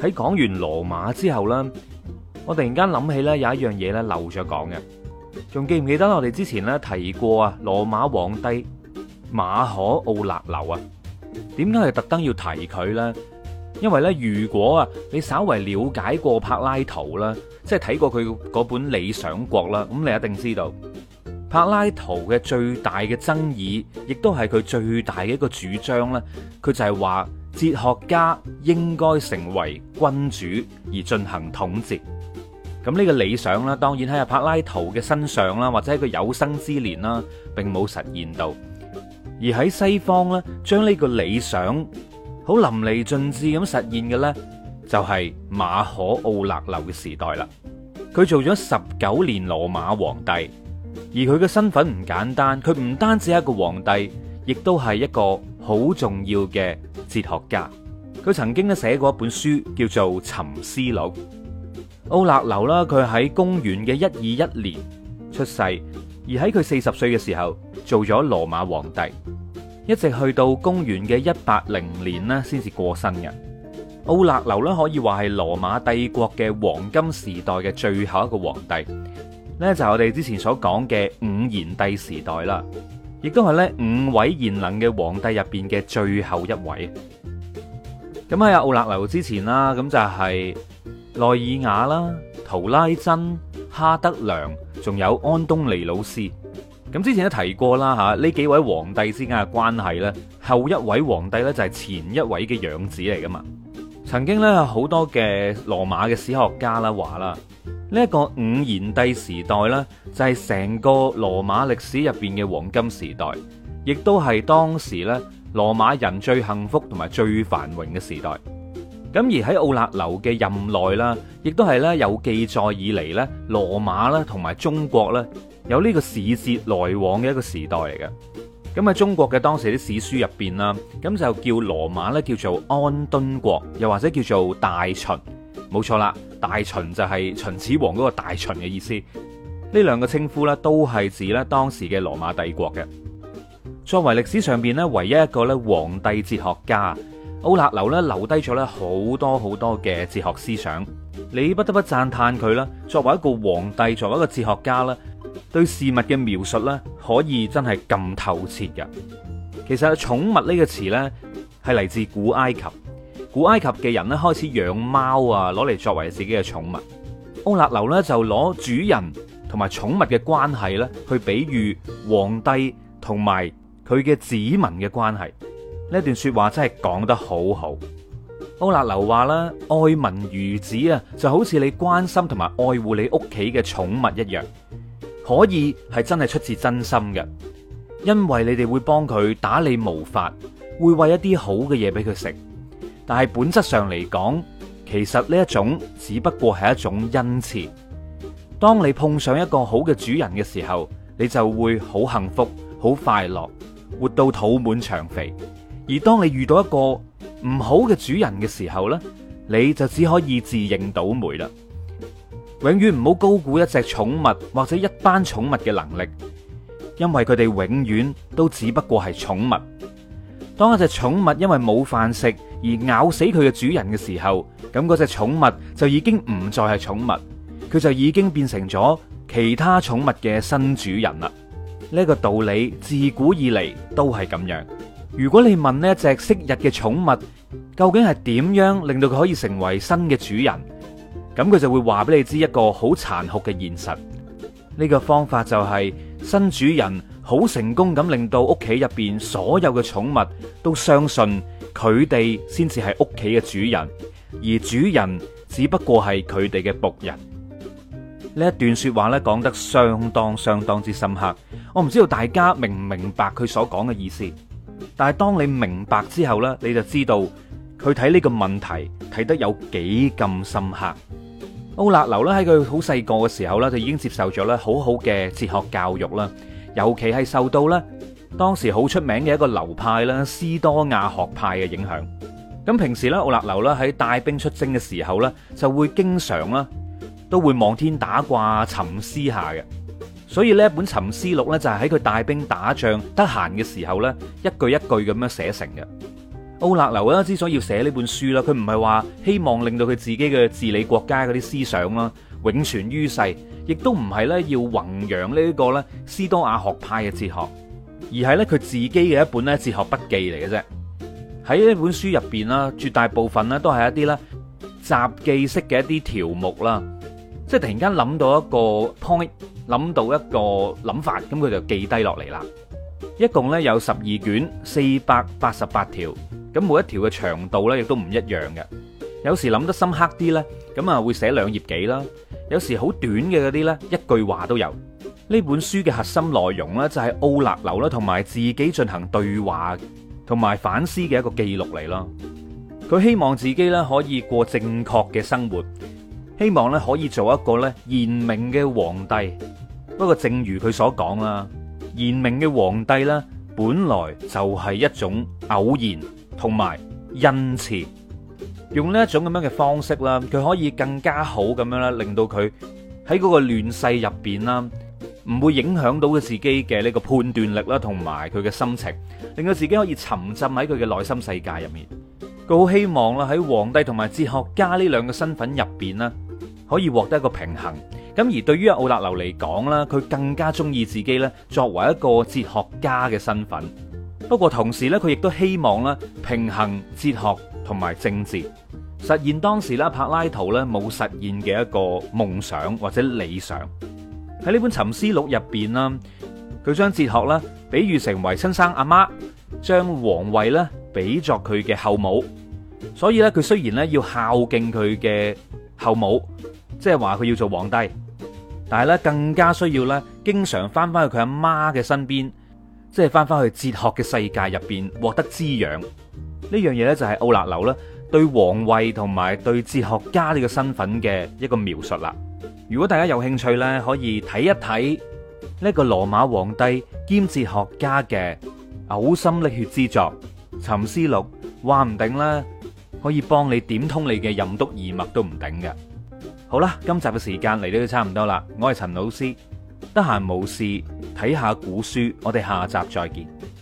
喺講完羅馬之後咧，我突然間諗起咧有一樣嘢咧漏咗講嘅，仲記唔記得我哋之前咧提過啊？羅馬皇帝馬可奧勒留啊，點解係特登要提佢咧？因為咧，如果啊你稍微了解過柏拉圖啦，即係睇過佢嗰本《理想國》啦，咁你一定知道柏拉圖嘅最大嘅爭議，亦都係佢最大嘅一個主張咧，佢就係話。哲學家應該成為君主，而進行統治，咁呢個理想啦，當然喺柏拉圖嘅身上啦，或者喺佢有生之年啦，並冇實現到。而喺西方呢，將呢個理想好淋漓盡致咁實現嘅呢，就係馬可奧勒留嘅時代啦。佢做咗十九年羅馬皇帝，而佢嘅身份唔簡單，佢唔單止係一個皇帝。亦都係一個好重要嘅哲學家，佢曾經咧寫過一本書叫做《沉思錄》。奧勒留，啦，佢喺公元嘅一二一年出世，而喺佢四十歲嘅時候做咗羅馬皇帝，一直去到公元嘅一八零年咧，先至過身嘅。奧勒留咧可以話係羅馬帝國嘅黃金時代嘅最後一個皇帝，呢就係我哋之前所講嘅五賢帝時代啦。亦都係呢五位賢能嘅皇帝入邊嘅最後一位，咁喺奧勒留之前啦，咁就係奈爾瓦啦、圖拉真、哈德良，仲有安東尼老師。咁之前都提過啦吓，呢幾位皇帝之間嘅關係呢，後一位皇帝呢，就係前一位嘅養子嚟噶嘛。曾經呢，好多嘅羅馬嘅史學家啦話啦。呢一個五賢帝時代咧，就係成個羅馬歷史入邊嘅黃金時代，亦都係當時咧羅馬人最幸福同埋最繁榮嘅時代。咁而喺奧勒留嘅任內啦，亦都係咧有記載以嚟咧羅馬咧同埋中國咧有呢個使節來往嘅一個時代嚟嘅。咁喺中國嘅當時啲史書入邊啦，咁就叫羅馬咧叫做安敦國，又或者叫做大秦，冇錯啦。大秦就係秦始皇嗰個大秦嘅意思，呢兩個稱呼咧都係指咧當時嘅羅馬帝國嘅。作為歷史上邊咧唯一一個咧皇帝哲學家奧勒留咧留低咗咧好多好多嘅哲學思想，你不得不讚嘆佢啦。作為一個皇帝，作為一個哲學家啦，對事物嘅描述咧可以真係咁透徹嘅。其實寵物呢個詞呢，係嚟自古埃及。古埃及嘅人咧開始養貓啊，攞嚟作為自己嘅寵物。奧勒留咧就攞主人同埋寵物嘅關係咧去比喻皇帝同埋佢嘅子民嘅關係。呢段說話真係講得好好。奧勒留話啦，愛民如子啊，就好似你關心同埋愛護你屋企嘅寵物一樣，可以係真係出自真心嘅，因為你哋會幫佢打理毛髮，會喂一啲好嘅嘢俾佢食。但係本質上嚟講，其實呢一種只不過係一種恩賜。當你碰上一個好嘅主人嘅時候，你就會好幸福、好快樂，活到肚滿腸肥；而當你遇到一個唔好嘅主人嘅時候呢，你就只可以自認倒霉啦。永遠唔好高估一隻寵物或者一班寵物嘅能力，因為佢哋永遠都只不過係寵物。當一隻寵物因為冇飯食而咬死佢嘅主人嘅時候，咁嗰隻寵物就已經唔再係寵物，佢就已經變成咗其他寵物嘅新主人啦。呢個道理自古以嚟都係咁樣。如果你問呢一隻昔日嘅寵物究竟係點樣令到佢可以成為新嘅主人，咁佢就會話俾你知一個好殘酷嘅現實。呢個方法就係新主人。好成功咁令到屋企入邊所有嘅寵物都相信佢哋先至係屋企嘅主人，而主人只不過係佢哋嘅僕人。呢一段說話咧，講得相當相當之深刻。我唔知道大家明唔明白佢所講嘅意思，但係當你明白之後呢，你就知道佢睇呢個問題睇得有幾咁深刻。奧勒留咧，喺佢好細個嘅時候呢，就已經接受咗呢好好嘅哲學教育啦。尤其係受到咧當時好出名嘅一個流派啦，斯多亞學派嘅影響。咁平時咧奧勒留咧喺帶兵出征嘅時候咧，就會經常啦都會望天打卦、沉思下嘅。所以呢一本沉思錄咧就係喺佢帶兵打仗得閒嘅時候咧，一句一句咁樣寫成嘅。奧勒留咧之所以要寫呢本書啦，佢唔係話希望令到佢自己嘅治理國家嗰啲思想啦，永存於世，亦都唔係咧要弘揚呢一個咧斯多亞學派嘅哲學，而係咧佢自己嘅一本咧哲學筆記嚟嘅啫。喺呢本書入邊啦，絕大部分咧都係一啲咧雜記式嘅一啲條目啦，即係突然間諗到一個 point，諗到一個諗法，咁佢就記低落嚟啦。一共咧有十二卷四百八十八條，咁每一條嘅長度咧亦都唔一樣嘅，有時諗得深刻啲咧，咁啊會寫兩頁幾啦。有時好短嘅嗰啲呢一句話都有。呢本書嘅核心內容呢，就係奧勒留啦，同埋自己進行對話同埋反思嘅一個記錄嚟咯。佢希望自己呢可以過正確嘅生活，希望呢可以做一個呢賢明嘅皇帝。不過正如佢所講啊，賢明嘅皇帝呢，本來就係一種偶然同埋恩賜。用呢一種咁樣嘅方式啦，佢可以更加好咁樣啦，令到佢喺嗰個亂世入邊啦，唔會影響到佢自己嘅呢個判斷力啦，同埋佢嘅心情，令到自己可以沉浸喺佢嘅內心世界入面。佢好希望啦，喺皇帝同埋哲學家呢兩個身份入邊啦，可以獲得一個平衡。咁而對於奧勒留嚟講啦，佢更加鍾意自己呢作為一個哲學家嘅身份。不過同時咧，佢亦都希望咧平衡哲學同埋政治，實現當時咧柏拉圖咧冇實現嘅一個夢想或者理想。喺呢本《沉思錄》入邊啦，佢將哲學咧比喻成為親生阿媽，將皇位咧比作佢嘅後母。所以咧，佢雖然咧要孝敬佢嘅後母，即係話佢要做皇帝，但係咧更加需要咧經常翻返去佢阿媽嘅身邊。即係翻返去哲學嘅世界入邊獲得滋養，呢樣嘢呢就係奧勒流啦，對皇位同埋對哲學家呢個身份嘅一個描述啦。如果大家有興趣呢，可以睇一睇呢一個羅馬皇帝兼哲學家嘅嘔心瀝血之作《沉思錄》，話唔定啦，可以幫你點通你嘅任督二脈都唔定嘅。好啦，今集嘅時間嚟到都差唔多啦，我係陳老師。得閒冇事睇下古書，我哋下集再見。